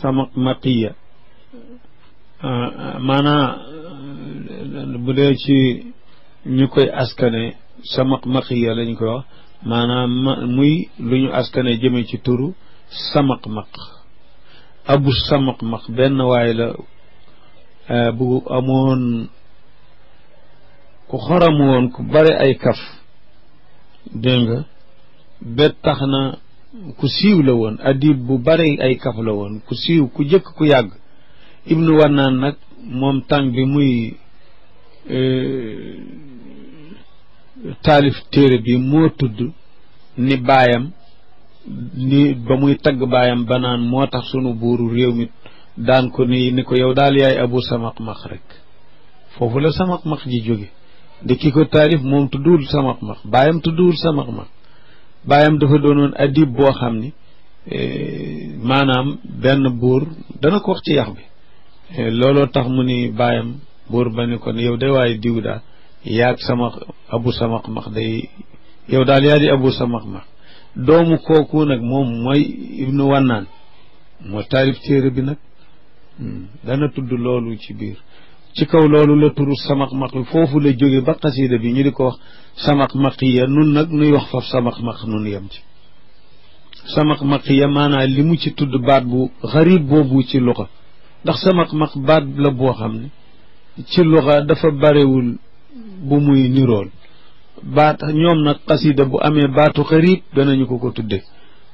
sama maqiya ah, ah, maanaam ah, bu dee ci ñu koy askane sama maqiya lañ koy wax maanaam muy lu ñu askane jëme ci turu samaq maq abu samaq maq benn waay la bu amoon ku xoram woon ku bare ay kaf dégg nga tax na ku siiw la woon adib bu bari ay kaf la woon ku siiw ku jëkk ku yàgg ibnu wannaan nag moom tàng bi muy e, taalif téere bi moo tudd ni baayam ni ba muy tagg baayam banaan moo tax sunu buuru réew mi daan ko ni ni ko yow daal yaay abu samaq-maq rek foofu la samaq-maq ji jóge de ki ko taalif moom tudduwul samaq-maq baayam tudduwul samaq-maq baayam dafa doonoon adib boo xam ni eh, maanaam benn buur dana ko wax ci yax bi eh, looloo tax mu ni baayam buur ba ni ko yow de waaye diw daal yaag sama max day yow daal yaa di abu samaq max doomu kooku nag moom mooy ibnu wannaan moo taarif téere bi nag hmm, dana tudd loolu ci biir ci kaw loolu la turu samaq maq yi foofu la jóge ba xasiida bi ñu di ko wax samaq maq ya nun nag nuy wax faf samaq maq nun yem ci samaq maq ya maanaa li mu ci tudd baat bu xarib boobu ci luxa ndax samaq maq baat la boo xam ne ci luxa dafa barewul bu muy nirool baat ñoom nag xasiida bu amee baatu xarib danañu ko ko tudde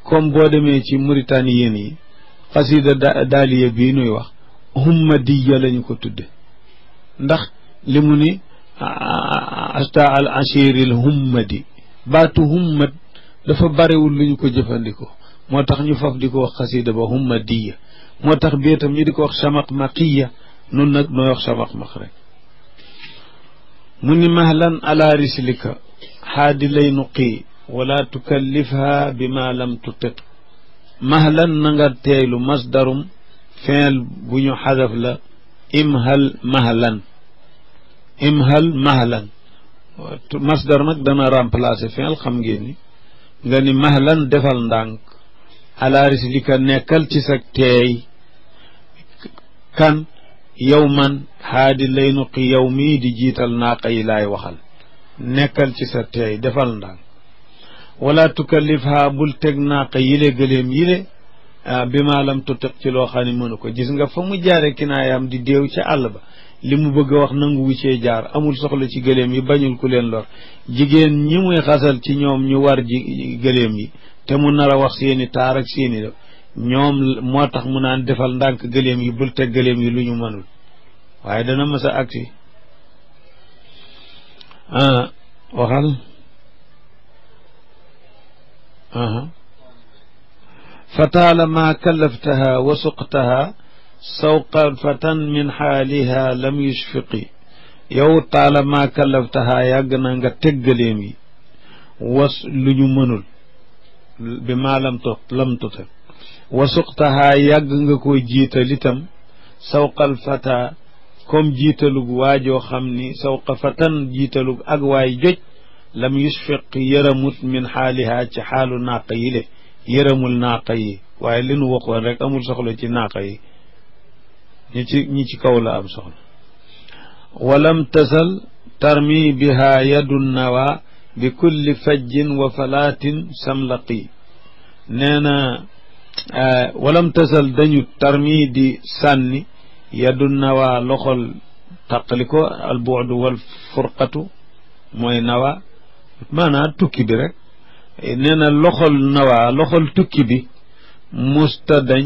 comme boo demee ci Mauritanie yéen yi xasiida daaliya bii nuy wax humma diya lañu ko tudde ndax li mu ni asta al ashiril hummadi baatu hummat dafa barewul lu ñu ko jëfandikoo moo tax ñu faf di ko wax xasida ba hummadiya moo tax bii tam ñu di ko wax samaq maqiya nun nag nooy wax samaq maq rek mu ni mahlan ala rislika xaadi lay nuqii wala tukallifha bi ma lam tutiq mahlan na nga teeylu masdarum fiil bu ñu xadaf la imhal mahlan imhal mahlan masdar nag dana remplacer fi'l xam ngeen ni nga defal ndànk ala rislika nekkal ci sa teey kan yow man haadi lay nuqi yow mii di jiital naaqa yi lay waxal nekkal ci sa teey defal ndànk wala tukallifha bul teg naaqa yile gëleem yile Ah, bi maa lam tutiq ci loo xam ne mënu ko gis nga fa mu jaare kinaayaam di déew ca àll ba li mu bëgg a wax nangu wu jaar amul soxla ci gëléem yi bañul ku leen lor jigéen ñi muy xasal ci ñoom ñu war ji gëléem yi te mu nar wax seeni taar ak seeni def ñoom moo tax mu naan defal ndànk gëléem yi bul teg gëléem yi lu ñu mënul waaye dana mës a agsi ah, waxal fa taalamaa kallaftaha wa suqtaha sawqa fatan min xaaliha lam yushfiqi yow taalamaa kallaftaha yàgg na nga teggaleem yi was lu ñu mënul bi maa lam tot lam tote wa suqtaha yàgg nga koy jiital itam sawqal fata comme jiitalug waajoo xam ni sawqa fatan jiitalug ak waay joj lam yushfiq yëramut min xaaliha ci xaalu naq yile yërëmul naaqa yi waaye li nu waxoon rek amul soxla ci naaqa yi ñi ci ñi ci kaw la am soxla walam tasal tarmi biha yadu nawa bi kulli fajjin wa falaatin samlaqi nee na eh, walam tasal dañu tarmi di sànni yadu nawa loxol taqaliko al buudu wal furqatu mooy nawa maanaa tukki bi rek nee na loxol nawaa loxol tukki bi musta dañ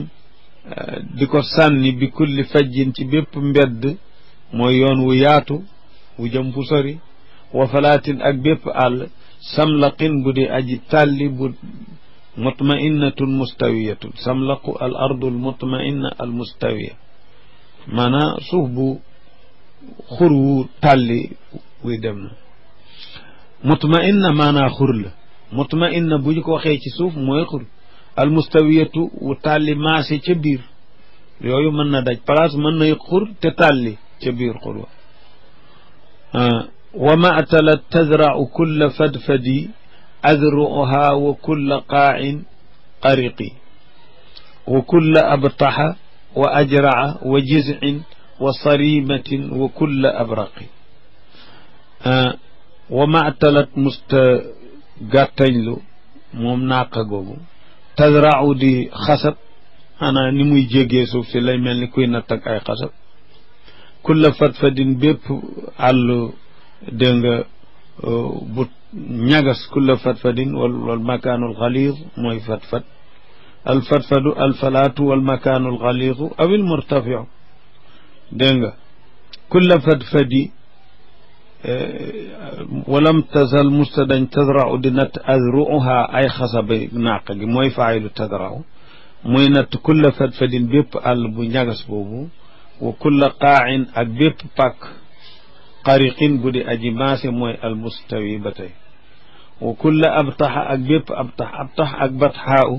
eh, di ko sànni bi kulli fajjin ci bépp mbedd mooy yoon wu yaatu wu jëm fu sori wa falaatin ak bépp àll samlaqin bu di aji tàlli bu mutmainnatun mustawiyatun samlaqu al ardul mutmainna al mustawiya maanaam suuf bu xur wu tàlli wuy dem na mutmainna maanaa xur la mutmainna bu ñu ko waxee ci suuf mooy xur al mustawiyatu wu tàlli maase ca biir yooyu mën na daj place mën nay xur te tàlli ca biir xur wa ah, wa matala tazrau kulla fadfadi azruha wa kulla qaain qariqi wa kulla abtaxa wa ajraa wa jizcin wa sarimatin wa kulla abraqi ah, wa matalat musta gàttañlu moom naaqa googu tazrau di xasab ana ni muy jéggee suuf si lay mel ni kuy na ak ay xasab kulla fatfadin bépp àllu dégg nga euh, bu ñagas kulla fatfadin wal wal makaanul xaliir mooy fatfat al fatfadu al falaatu wal makaanul xaliiru awil murtafiu dégg nga kulla fatfadi Eh, walam tazal musta dañ tadrau di natt azruha ay xasabi naaq gi mooy faayilu tadrau muy natt kulla fadfadin bépp àll bu ñagas boobu wa kulla qaain ak bépp pàkk xariqin bu di aji maase mooy almustawi ba tey wa kulla ab taxa ak bépp ab tax ab tax ak batxaaw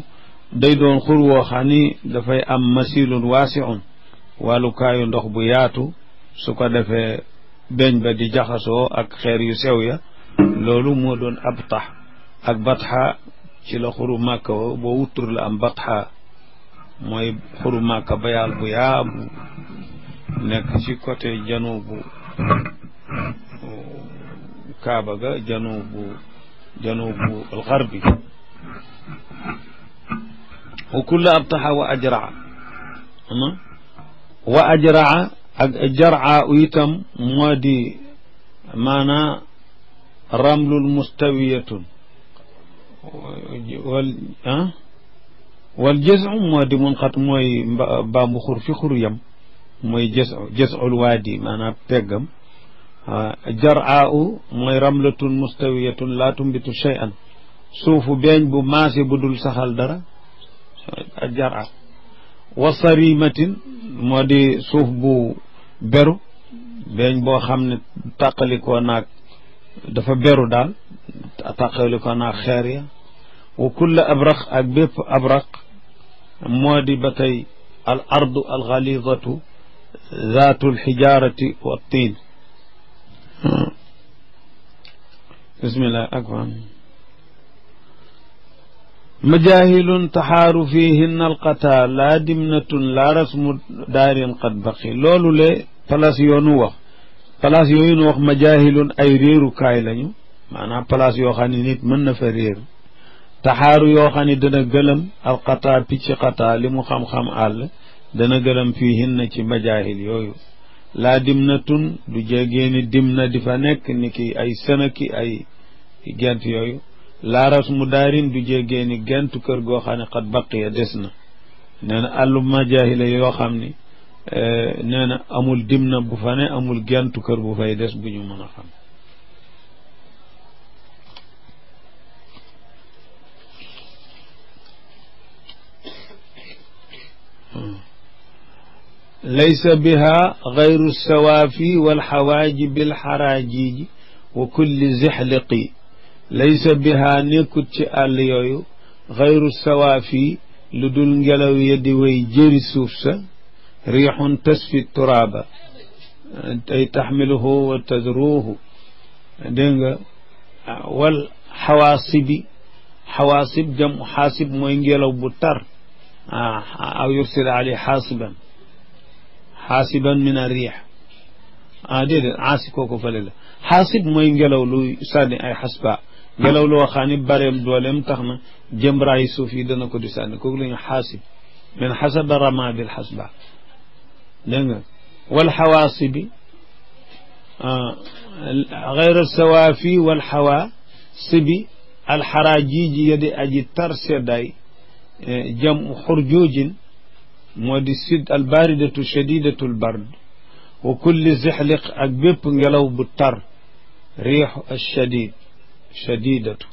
day doon xur woo xam ni dafay am masilun waasiun wàllukaayu ndox bu yaatu su ko defee beñ ba di jaxasoo ak xeer yu sew ya loolu moo doon ab tax ak batxa ci la xuru màkka wo boo wuttur la am batxa mooy xuru màkka bayaal bu yaabu nekk ci côté janubu kaaba ga janubu janubu alxarbi wa kulla abtaxa wa ajraa wa ajraa ak jarca u itam moo di maanaa ramlul mustawiyatun wal ah wal jësu moo di mun xat mooy bambu xur fi xur yam mooy jës jësul waadi maanaam peggam ah, jar'a u mooy ramlatun mustawiyatun laa tumbitu shay'an suufu beeñ bu maase bu dul saxal dara jar'a wa sarimatin moo di suuf bu beru beeñ boo xam ne tàqalikoo naag dafa beru daal tàqalikoo naag xeer ya wa kulla abraq ak bépp abraq moo di ba tey al ardu al xalidatu zaatu al xijaarati wa tiin bismillah akbar majaahilun taxaaru fiihinna alqataa laa dimnatun laa rasmu daarin qad baqi loolu le place yoonu wax place yooyu nu wax majaahilun ay réerukaay lañu maanaam place yoo xam ne nit mën na fa réeru taxaaru yoo xam ne dana gëlëm alqataa picc xataa li mu xam-xam àll dana gëlëm fiihinna ci majaahil yooyu laa dimnatun du jégee ni dimna di fa nekk ni ki ay sëna ki ay gent yooyu laaras mu daarin du jéggee ni gentu kër goo xam ne xat baqiya des na nee na àllum majaahila yoo xam ni eh, nee na amul dimna bu fa ne amul gentu kër bu fay des bu ñu mën a xam laysa biha gayru sawaafi walxawaaji bilxaraajiji wa kulli zixliqi laysa bihaa nekkut ci àll yooyu xayru sawaafi lu dul ngelaw ya di way jëri suuf sa riixun tasfi turaaba ay taxmiluhu wa tadruuhu dégg nga wal xawaasibi xawaasib jam xaasib mooy ngelaw bu tar aw yursil ali xaasiban xaasiban min a riix ah déedéet aasi kooku fële la xaasib mooy ngelaw luy sànni ay xasba ngelaw loo xam ne bareem dooleem tax na jëmbraayi suuf yi dana ko di sànni kooku la ñu xaasib min xasaba rama bil xasba dégg nga wal xawaasibi gayra ah, sawaafi wal xawaasibi alxaraajiiji yadi aji tar seddaay jam xurjuujin moo di sud albaridatu shadidatu lbard wa kulli zixliq ak bépp ngelaw bu tar riix alshadid shadidatu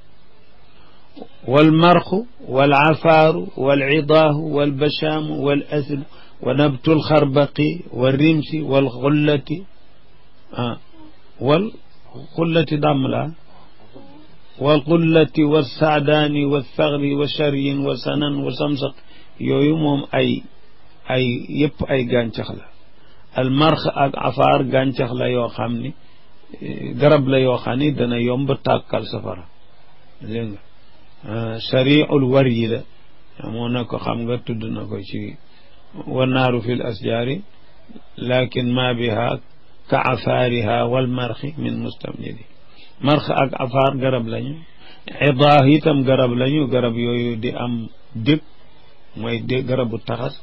walmarqu walafaaru walcidaahu walbashaamu walaslu wa nabtu lxarbaqi walrimsi walxullati ah, walxullati dàmm laa walxullati walsaadaani walsagri wa charyin wa sanan wa samsak yooyu moom ay ay yëpp ay gàncax la almarq ak afaar gàncax la yoo xam ni garab la yoo xam ni dana yomb tàkkal safara dégg nga euh, shariul war yi la amoon na ko xam nga tudd na ko ci wannaaru fi l asjaari lakin ma biha ka afaariha wal marxi min mustamjidi marx ak afaar garab lañu idaah itam garab lañu garab yooyu di am dég mooy dég garabu taxas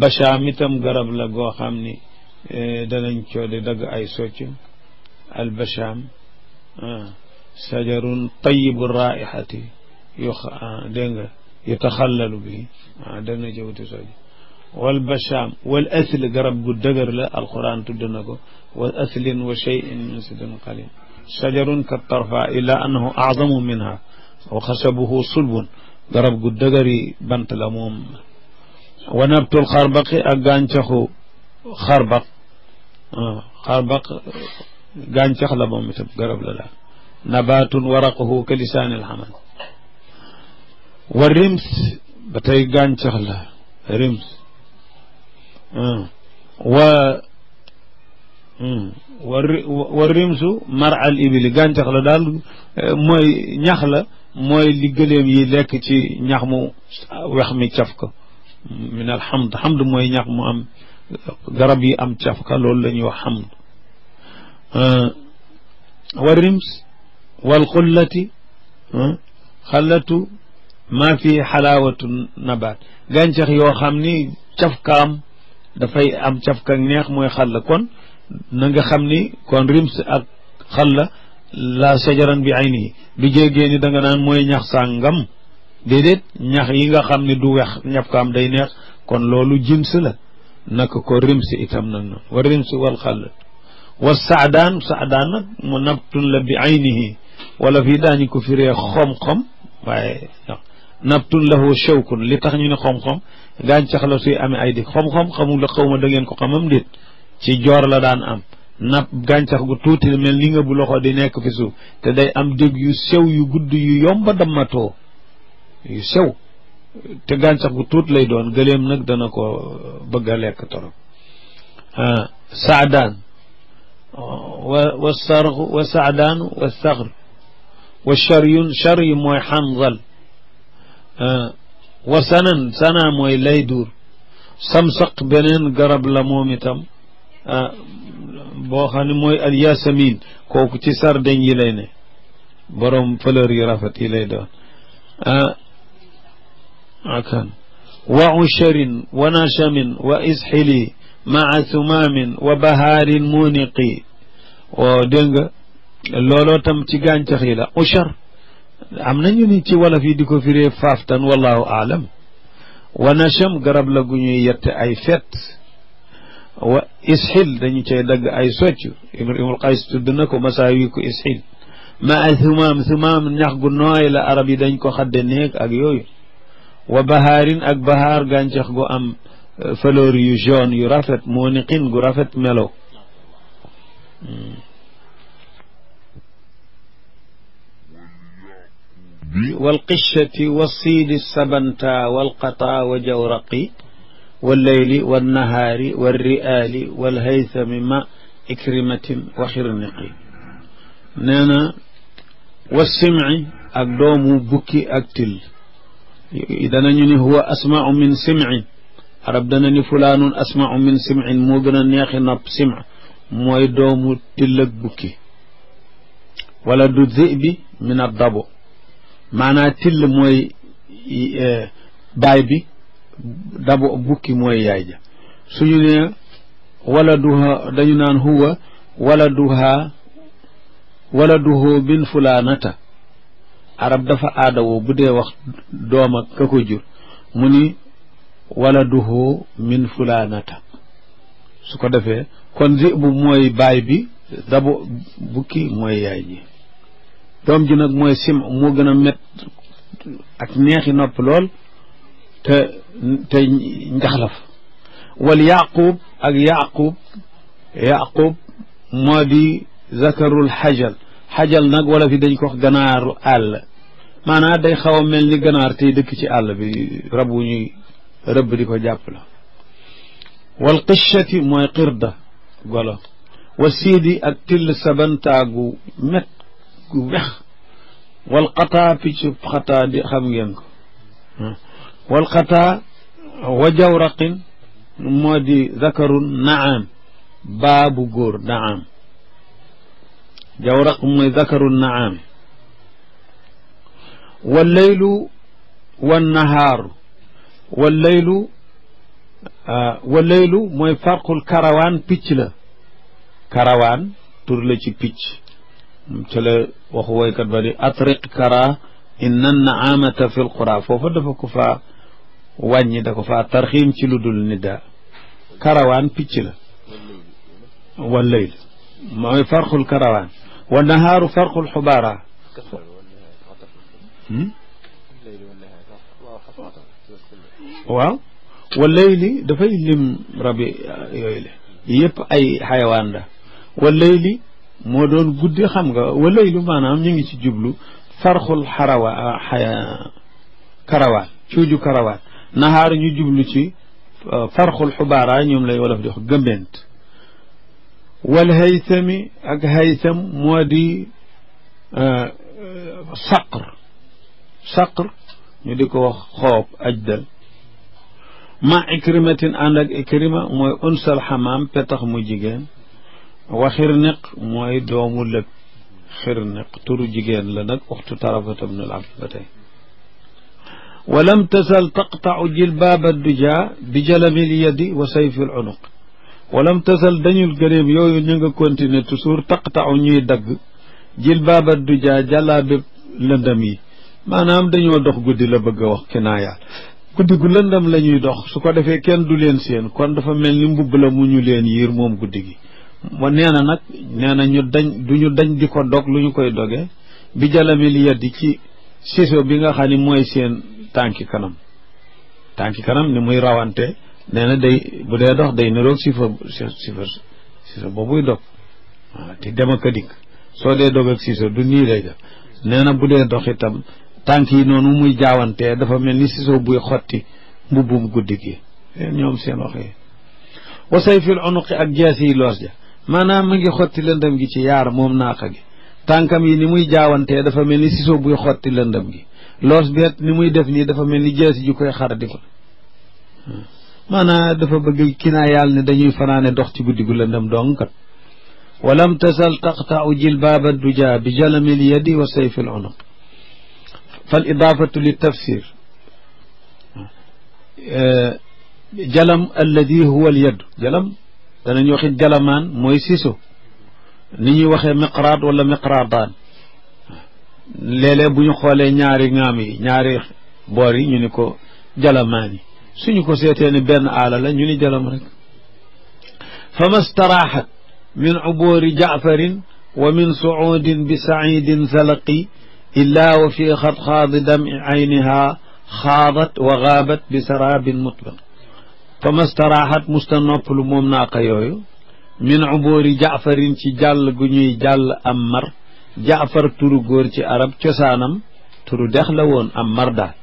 bashaam itam garab la goo xam ni euh, danañ coode dagg ay soccum albasham sajarun tayibu raihati yu dégg nga yutaxallalu bi ah dana jëwti sooji wal bashaam wal asl garab gu dëgër la alquran tudd na ko wal aslin wa cheyin min sidrin qalil shajarun ka tarfa illa annahu azamu minha wa xasabuhu sulbun garab gu dëgëri bant la moom wa nabtul xarbaqi ak gàncaxu xarbaq xarbaq gàncax la moom itam garab la daal nabaatun waraquhu ka lisaanil xamal wa rims ba tey gàncax la rims hmm. wa hmm. wa rimsu mar al ibili gàncax la daal eh, mooy ñax la mooy li gëléem yi lekk ci ñax mu wex mi caf ko min alhamd xamd mooy ñax mu am garab yi am caf ka loolu la ñuy wax xamd wa rims walxullati xallatu ma fi xalaawatu nabaat gàncax yoo xam ni cafkaam dafay am cafka neex mooy xalla kon na nga xam ni kon rims ak xalla la sajaran bi ay nii du jéggee ni danga naan mooy ñax sàngam déedéet ñax yi nga xam ne du wex ñafkaam day neex kon loolu jins la naka ko rims itam nag noonu wa rims wal xalla wa saadaan saadaan nag mu nabtun la bi aynihi wala fii daañu ko firee xom-xom waaye nabtun lahu shawkun li tax ñu ne xom-xom gàncax la suy amee ay dik xom-xom xamul la xaw ma da ngeen ko xamam déet ci joor la daan am nab gàncax gu tuuti mel ni nga bu loxo di nekk fi suuf te day am dég yu sew yu gudd yu yomba dammatoo yu sew te gàncax gu tuut lay doon gëleem nag dana ko bëgg a lekk torop ah, saadaan والصرغ وسعدان والثغر والشري شري mooy xanzal wasanan sana mooy laydur samsaq beneen garab la moom itam boo xam ne mooy al yasamin kooku ci sardeñ yi lay ne borom fleur yu rafet yi lay doon akan wa usharin wa nashamin wa isxili maa sumaamin wa bahaarin muniqi o oh, dégg nga looloo tam ci gàncax yi la ushar am nañu ni ci wolof yi di ko firee faaftan wallahu aalam wa nacham garab la gu ñuy yette ay fet wa isxil dañu cay dagg ay socc imul qays tudd na ko masaa yi ko isxil ma a sumaam sumaam ñax gu nooy la arab yi dañ ko xadde néeg ak yooyu wa bahaarin ak bahaar gàncax gu am fleur yu jaune yu rafet moo ni xin gu rafet melo wal qishati wa siidi sabanta wal qataa wa jawraqi wal layli wal nahaari wal ri'aali wal haythami ma ikrimatin wa xirniqi nee na wa simci ak doomu bukki ak til danañu ni huwa asmau min simci arab dana ni fulaanun asmau min sim'in moo gën a neexi nopp sim mooy doomu tillëg bukki wala du zibi min a dabo maanaa till mooy e, baay bi dabo bukki mooy yaay ja suñu ne wala duha dañu naan huwa wala duha wala duhoo min fulaanata arab dafa aadawoo bu dee wax doom ak ka ko jur mu ni waladuhu min fulaanata su ko defee kon zibu mooy baay bi dabu bukki mooy yaay ji doom ji nag mooy sim moo gën a met ak neexi nopp lool te te njaxlaf wal yaqub ak yaqub yaqub moo di zakarul xajal xajal nag wala fi dañ ko wax ganaaru àll maanaam day xaw a mel ni ganaar tey dëkk ci àll bi rab wu ñuy rëbb di ko jàpp la wal qishati mooy xirda golo wa siidi ak till sabantaagu met gu wex wal xataa piccu xataa di xam ngeen ko wal xataa wa jawraqin moo di zakarun naam baabu góor naam jawraq mooy zakarun naam wa leylu wa nahaaru wallaylu euh, wallaylu mooy farqul karawaan picc la karawaan tur la ci picc ca la waxu woykat ba di atriq kara inna naamata fi lqura foofa dafa ko faa wàññi da ko faa tarxiim ci lu dul nida karawaan picc la wallayl mooy farqul karawaan wa nahaaru farqul xubaara hmm? waaw wallayli dafay lim rabi ah, yooyu la yëpp ay xayawaan la wallayli moo doon guddi xam nga wallaylu maanaam ñu ngi ci jublu farxul xarawa ah, xaya karawaat cuuju karawaat naxaaru ñu jublu ci farxul ah, xubaara ñoom lay wolof di wax gëmbent wal haysami ak haysam moo di saqr saqr ñu di ko wax xoob ajdal ma ikrimatin ànd ak ikrima mooy unsal xamaam petax mu jigéen wa xirniq mooy doomu lëg xirniq turu jigéen la nag uxtu tarafata bnul abd ba tey wa lam tasal taqtau jilbaaba duja bi jalamil yadi wa sayfil unuq wa lam tasal dañul gëréem yooyu ñu nga continuer toujours taqtau ñuy dagg jilbaaba duja jàllaa bépp lëndam yi maanaam dañoo dox guddi la bëgg a wax kinaaya guddi gu lëndam la ñuy dox su ko defee kenn du leen seen kon dafa mel ni mbubb la mu ñu leen yiir moom guddi gi ma nee na nag nee na ñu dañ du ñu dañ di ko dog lu ñu koy doge bi jalamil yeddi ci siso bi nga xam ni mooy seen tànki kanam tànki kanam ni muy rawante nee day bu dee dox day niroog sifa sifa siso boobuy dog waaw te dem ak a dikk soo dee dog ak siso du nii lay def nee na bu dee dox itam tànk yi noonu muy jaawantee dafa mel ni sisoo buy xotti mbubbum guddi gi eh, ñoom seen wax yi wa sayfil unuqi ak jees yi loos ja maanaam mu ngi xotti lëndëm gi ci yaar moom naaqa gi tànkam yi ni muy jaawantee dafa mel ni sisoo buy xotti lëndëm gi loos beet ni muy def nii dafa mel ni jees ji koy xar di ko maanaam dafa bëgg naa yàlla ni dañuy fanaane dox ci guddi gu lëndëm dong kat walam tasal taqtau du duja bi jalamil yadi wa sayfil unuq fal idaafatu li tafsir jalam alladi huwa al yaddu jalam danañu waxi jalamaan mooy siso ni ñuy waxee miqraat wala miqraataan léeg-léeg bu ñu xoolee ñaari ŋaam yi ñaari boor yi ñu ni ko jalamaan yi suñu ko seetee ne benn aala la ñu ni jalam rek fa ma staraxat min uboori jaafarin wa min suudin bi saidin salaqi illaa wa fii xadxaadi dami ayniha xaadat wa xaabat bi saraabin mutlaq fa mastaraxat musta noppalu moom naaqa yooyu min ubóori jaafarin ci jàll gu ñuy jàll am mar jaafar turu góor ci arab cosaanam turu dex la woon am mar daal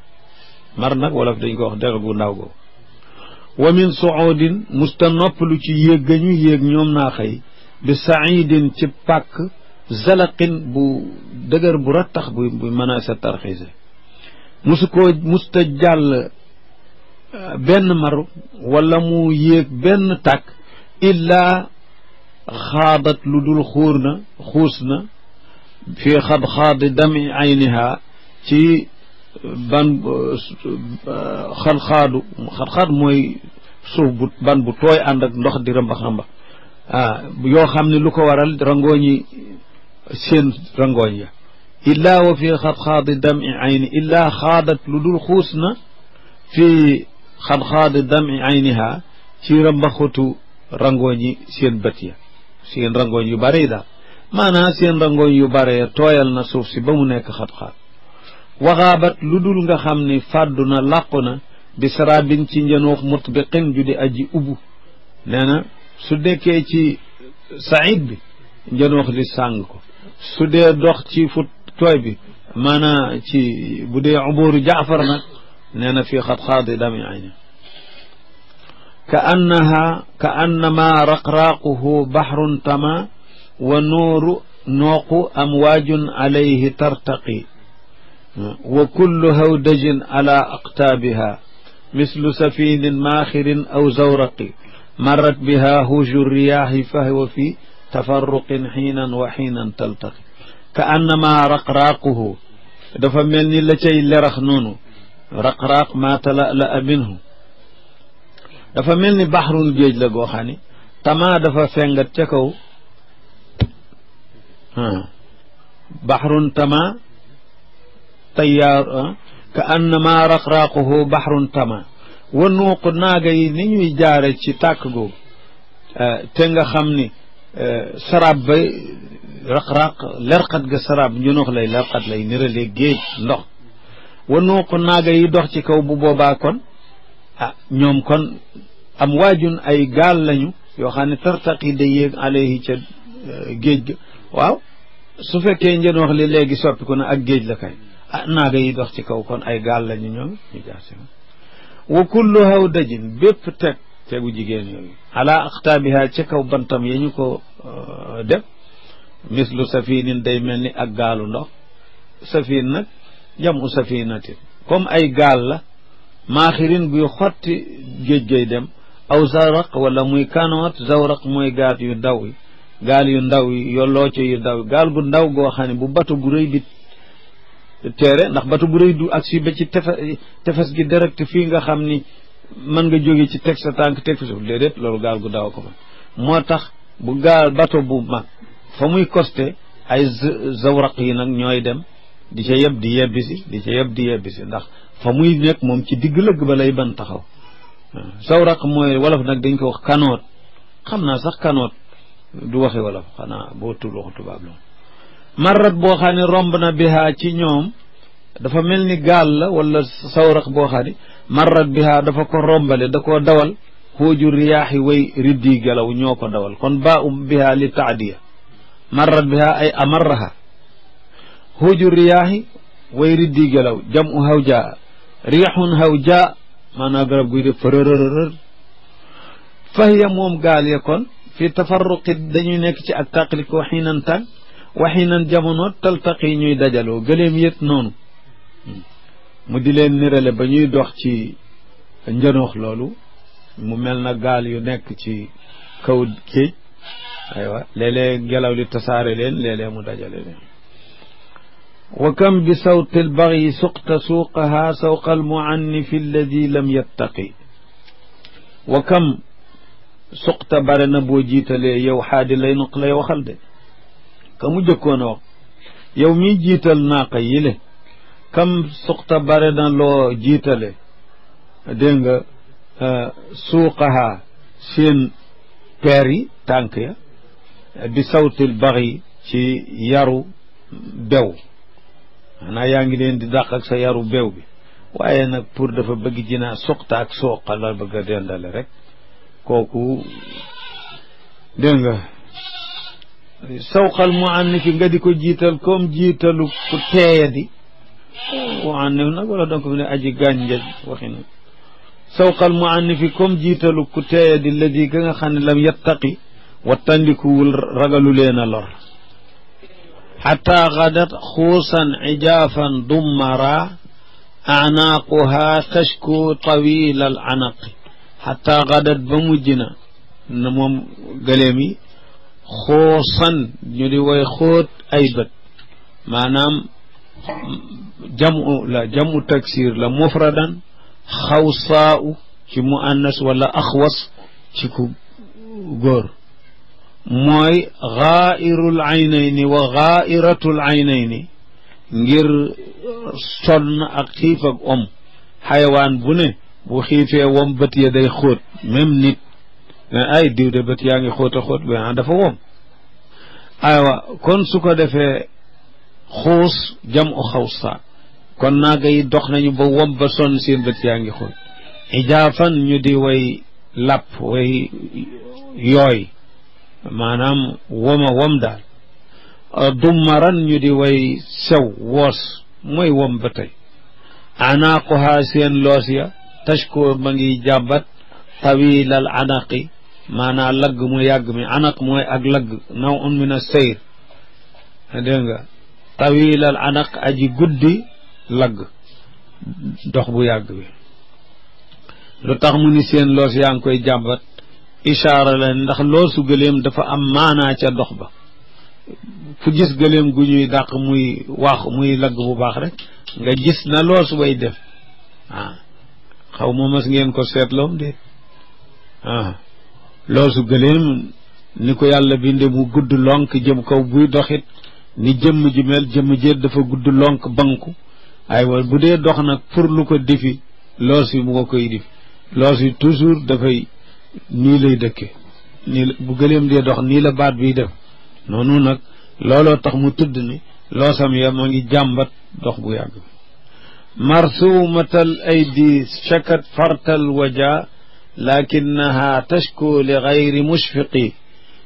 mar nag wolof dañ ko wax dex gu ndaw go wa min suudin musta noppalu ci yéeg ga ñu yéeg ñoom naaqa yi bi saidin ci pàkk zalaqin bu dëgër bu rattax bu bu mën a sa tarxiise musu koo musta jàll euh, benn maru wala mu yéeg benn tàkk illaa xaadat lu dul xuur na xuus na fii xad-xaadi dami ayniha ci ban euh, xad-xaadu xad-xaad mooy suuf bu ban bu tooy ànd ak ndox di rëmbax rëmbax ah yoo xam ne lu ko waral rangooñi seen rangooñ ya illaa wa fii xadxaadi dami illaa xaadat lu dul xuus na fii xadxaadi dami ayniha ci rambaxutu rangooñi seen bët ya seen rangooñ yu bare yi daal maanaam seen rangooñ yu bare ya tooyal na suuf si ba mu nekk xat waxaabat lu dul nga xam ni fàddu na làqu na bi ci njënoox mutbiqin ju di aji ubbu nee na su nekkee ci saïd bi njënoox di sàng ko su dee dox ci fu tooy bi maanaam ci bu dee ubóoru jaafar nag nee na fii xadxaadi dami ayni ka annaha ka annama raqraaquhu baxrun tama wa nuuru nooqu amwaajun alayhi tartaqi wa kullu hawdajin ala aqtaabiha mislu safinin maaxirin aw zawraqi marrat biha huuju riyaahi fahwa fi tafarruqin xiinan wa xiinan taltaqi ka annama raqraaquhu dafa mel ni la mel ni baxrun géej la goo xam ne dafa fengat ca kaw baxrun tama tayaar ka annama raqraaquhu tama wa nuuq naaga yi ni ñuy jaare ci tàkk googu eh, te nga xam ni saraab ba raq-raq lerqat ga saraab njunux lay lerqat lay nirale géej ndox wanoo ko naaga yi dox ci kaw bu boobaa kon a ah, ñoom kon am waajun ay gaal lañu yoo xam ne tartaqi da yéeg alayhi ca eh, géej ga waaw su fekkee njënoox li léegi soppiku na ak géej la kay ah naaga yi dox ci kaw kon ay gaal lañu ñoom wa kullu hawdajin bépp teg pegu jigéen yooyu ala axtaabiha ca kaw bantam ya ñu ko euh, def mislu safinin day mel ni ak gaalu ndox safin nag jamu safinatin comme ay gaal la maaxirin buy xotti géej gay dem aw zawraq wala muy kanoot zawraq mooy gaal yu ndaw yi gaal yu ndaw yi yollooco yu ndaw yi gaal gu ndaw goo xam bu bato bu rëy bi teere ndax bato bu rëy du ak si ba ci tefes gi direct fii nga xam ni mën nga jóge ci teg sa tànk teg fi suuf déedéet loolu gaal gu daaw ko man moo tax bu gaal bato bu mag fa muy costé ay zawraq yi nag ñooy dem di ca yeb di yebbisi di ca yeb ndax fa muy nekk moom ci digg lëg ba lay ban taxaw zawraq mooy wolof nag dañ ko wax kanoot xam naa sax kanoot du waxi wolof xanaa boo tul waxu tubaab loolu marat boo xam ne romb na bihaa ci ñoom dafa mel ni gaal la wala sawraq boo xam ne marrat biha dafa ko rombale da koo dawal xóoju riyaaxi way riddi gelaw ñoo ko dawal kon baa um biha li taadiya marrat biha ay amarraha xóoju riyaaxi way riddi gelaw jam u hawjaa riixun hawjaa maanaam garab guy def fërërërër fahiya moom gaal ya kon fi dañu dañuy nekk ci ak tàqalikoo xiinan tàng waxiinan jamono taltaqi ñuy dajaloo gëleem yët noonu mu di leen nirale ba ñuy dox ci njënoox loolu mu mel na gaal yu nekk ci kaw géej aywa léeg-léeg ngelaw li tasaare leen léeg-léeg mu dajale leen wa kam bi sawti albaxyi suqta suuqaha sawqa almuannifi alladi lam yattaqi wa kam suqta bare na boo jiitalee yow xaadi lay nuq lay waxal de ka mu jëkkoon a wax yow miy jiital naaqa yi le kam suqta bare na loo jiitale dégg nga euh, suuqaha seen peer yi tànk ya bi sawtil baxi ci yaru bew xanaa yaa ngi leen di dàq ak sa yaru bew bi waaye nag pour dafa bëgg jinaa suqta ak suuqa la bëgg a dendale rek kooku dégg nga sawqal mu ànn nga di ko jiital comme jiitalu ku teeya di muannif nag wala donc mu ne aji gaañ njëj waxin sawqal muannifi comme jiitalu ku teeya di ladi ga nga xam ne lam yattaqi wattandikuwul ragalu leen a lor xataa xadat xuusan ijaafan dummara anaaquha tashku tawil al anaqi xataa xadat ba mujj na na moom gëleem yi xuusan ñu di way xóot ay bët maanaam jamu la jamu taksir la mufradan xawsaau ci muannas wala axwas ci ku góor mooy xaairul aynayni wa xaairatul aynayni ngir sonn ak xiif ak om xayawaan bu ne bu xiifee wom bët ya day xóot même nit mais ay diw de bët yaa ngi xóot a xóot ba ah dafa wom aywa kon su ko defee xuus jam u xawsa kon naaga yi dox nañu ba wom ba sonn seen bët yaa ngi xool ijaafan ñu di way làpp way yooy maanaam woma wom daal euh, dummaran ñu di way sew woos mooy wom ba tey anaaquhaa seen loos ya tashkoor ma ngi jàmbat tawil al anaqi maanaa lag mu yàgg mi anaq mooy ak lagg naw un min a sayr tawilal anaq aji guddi lagg dox bu yàgg bi lu tax mu ni seen loos yaa ngi koy jàmbat ishaara la ndax loosu gëléem dafa am maanaa ca dox ba fu gis gëléem gu ñuy dàq muy waax muy lagg bu baax rek nga gis na loosu bay def ah xaw ma mas ngeen ko seetloom de ah, loosu gëléem ni ko yàlla binde mu gudd lonk jëm kaw buy doxit ni jëmm ji mel jëmm jee dafa gudd lonk banku aywa bu dee dox nag pour lu ko difi loos yi mu nga koy difi loos yi toujours dafay nii lay dëkke nii bu gëleem dee dox nii la baat biy def noonu nag looloo tax mu tudd ni loosam ya ma ngi jàmbat dox bu yàgg bi marsuumatal aydi chakat fartal waja lakinaha tashku li gayri mushfiqi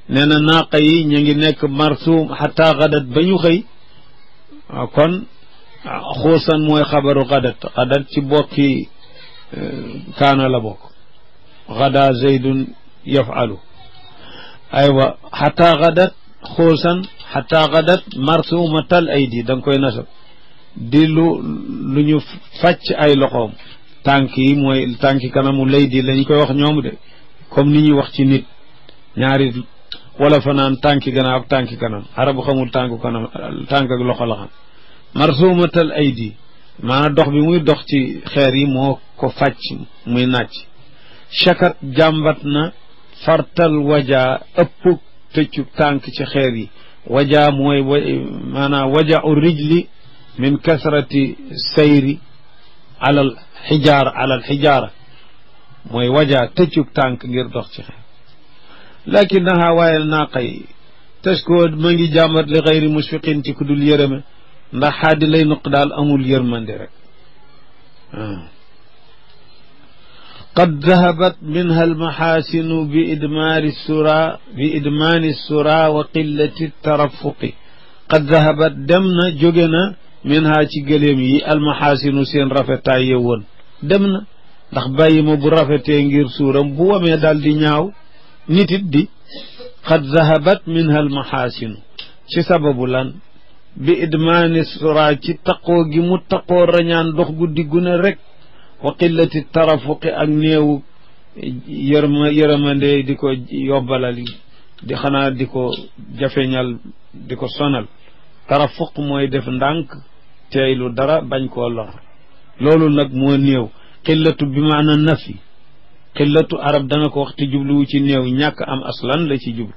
nee na naaqa yi ñu ngi nekk marsuum xataa xadat ba ñu xëy kon ah, xuusan mooy xabaru xadat xadat ci bokki eh, kaana la bokk xada zaydun yafalu aywa xataa xadat xuusan xataa xadat marsuumatal aydi da koy nasab di lu lu ñu fàcc ay loxoom tànk yi mooy tànki kanamu lay di lañu koy wax ñoom de comme ni ñuy wax ci nit wala fanaan naan tànki gannaaw ak tànki kanam arabu xamul tànku kanam tànk ak loxo la xam marsumatal aydi maanaam dox bi muy dox ci xeer yi moo ko fàcc muy nàcc chakat jàmbat na fartal waja ëpp tëccu tànk ci xeer yi waja mooy maanaam waja u rijli min kasrati sayri alal xijaara alal mooy waja tëccu tànk ngir dox ci xeer lakinaha waayel naaqa yi teskoo ma ngi jàmbat li xayri musfiqin ci ku dul yërëme ndax xaadi lay nuq daal amul yërmande rek ah. qad dahabat minha almaxaasinu bi idmaari sura bi wa qillati tarafuqi qad dahabat dem na jóge na minha ci gëléem yi almaxaasinu seen rafetaay yowoon dem na ndax bàyyi ma bu rafetee ngir suuram bu wamee daal di ñaaw nit it di qad zahabat minha al ci sababu lan bi idmaani sura ci taqoo gi mu taqoo rañaan dox guddi gune rek wa qillati tarafuqi ak néewu yërma yërëmande di ko yobbalal di xanaa di ko jafeñal di ko sonal tarafuq mooy def ndànk teeylu dara bañ koo lor loolu nag moo néew qillatu bi maana nafi xillatu arab dana ko wax te jubluwu ci néew ñàkk am aslan la ci jublu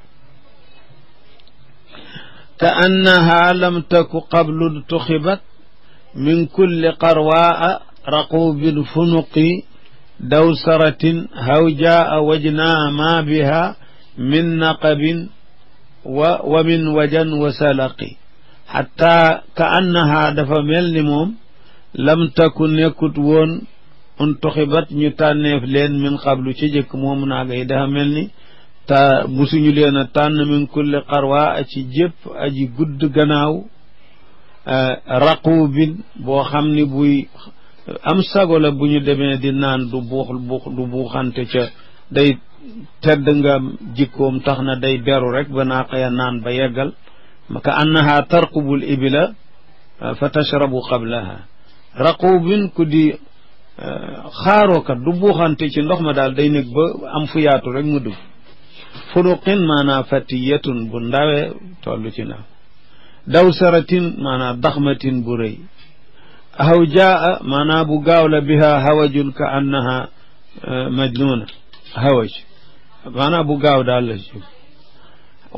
te annaha lam taku qablu tuxibat min kulli qarwaa raqubin funuqi dawsaratin hawjaa wajnaa ma biha min naqabin wa wa min wajan wa salaqi xataa ka annaha dafa mel ni moom lam taku nekkut woon untuxibat ñu tànneef leen min lu ci jëkk moomu naa yi dafa mel ni ta musuñu leen a tànn min kulli xarwa ci jëpp aji gudd gannaaw raqubin boo xam ni buy am sago bu ñu demee di naan du buux du buuxante ca day tedd nga jikkoom tax na day beru rek ba naaqaya naan ba yeggal ka annaha tarqubul ibila fa tashrabu qablaha raqubin ku di xaarookat du buuxante ci ndox ma daal day nekk ba am fu yaatu rek mu dugg furuqin maanaa fatiyatun bu ndawe toll ci ndaw dawsaratin maanaa daxmatin bu rëy aw jaa maanaa bu gaaw la biha hawajun ka annaha e, majnuna hawaj maanaa bu gaaw daal la ci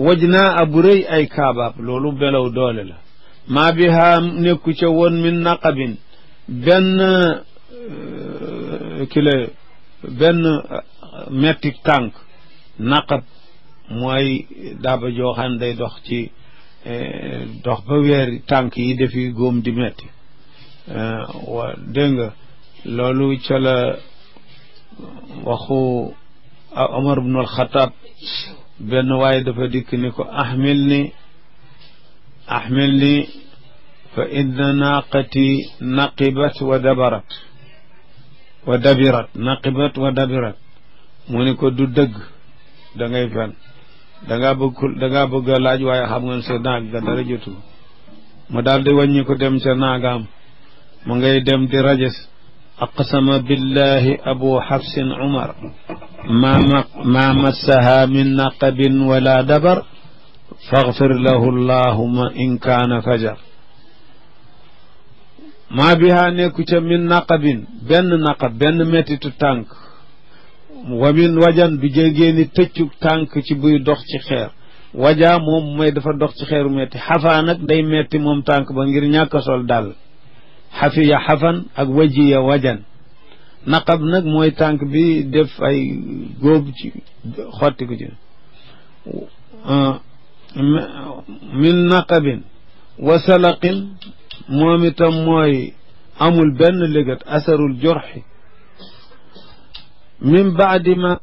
waj naa bu rëy ay kaabaab loolu belaw doole la maa biha nekku ca woon min naqabin benn Euh, kile benn euh, metti tànk naqab mooy daaba joo xam ne day dox ci euh, dox ba weer tànk yi defi góom di metti wa dégg nga loolu ca la waxu Omar ibn al-Khattab benn waaye dafa dikk ni ko ahmil ni ahmil ni fa inna naaqati naqibat wa dabarat wa dabirat naqibat wa dabirat mu ni ko du dëgg da ngay fen da ngaa bëgg da ngaa bëgg a laaj waaye xam nga sa naag ga dara jotul mu daal di wàññi ko dem sa naagaam mu ngay dem di rajes aqsama billahi abu xafsin umar ma ma massaha min naqabin wala dabar faxfir lahu allahuma in kaana fajar maa biha nekku ca min naqabin benn naqab benn mettitu tànk wa min wajan du jégee ni tëccu tànk ci buy dox ci xeer wajaa moom mooy dafa dox ci xeeru metti xafaa nag day metti moom tànk ba ngir ñàkk sol dàll xafiya xafan ak wajiya wajan naqab nag mooy tànk bi def ay góob ci xotti ko ci ah, min naqabin wa moom itam mooy amul benn légat asarul jorxi min baadi ma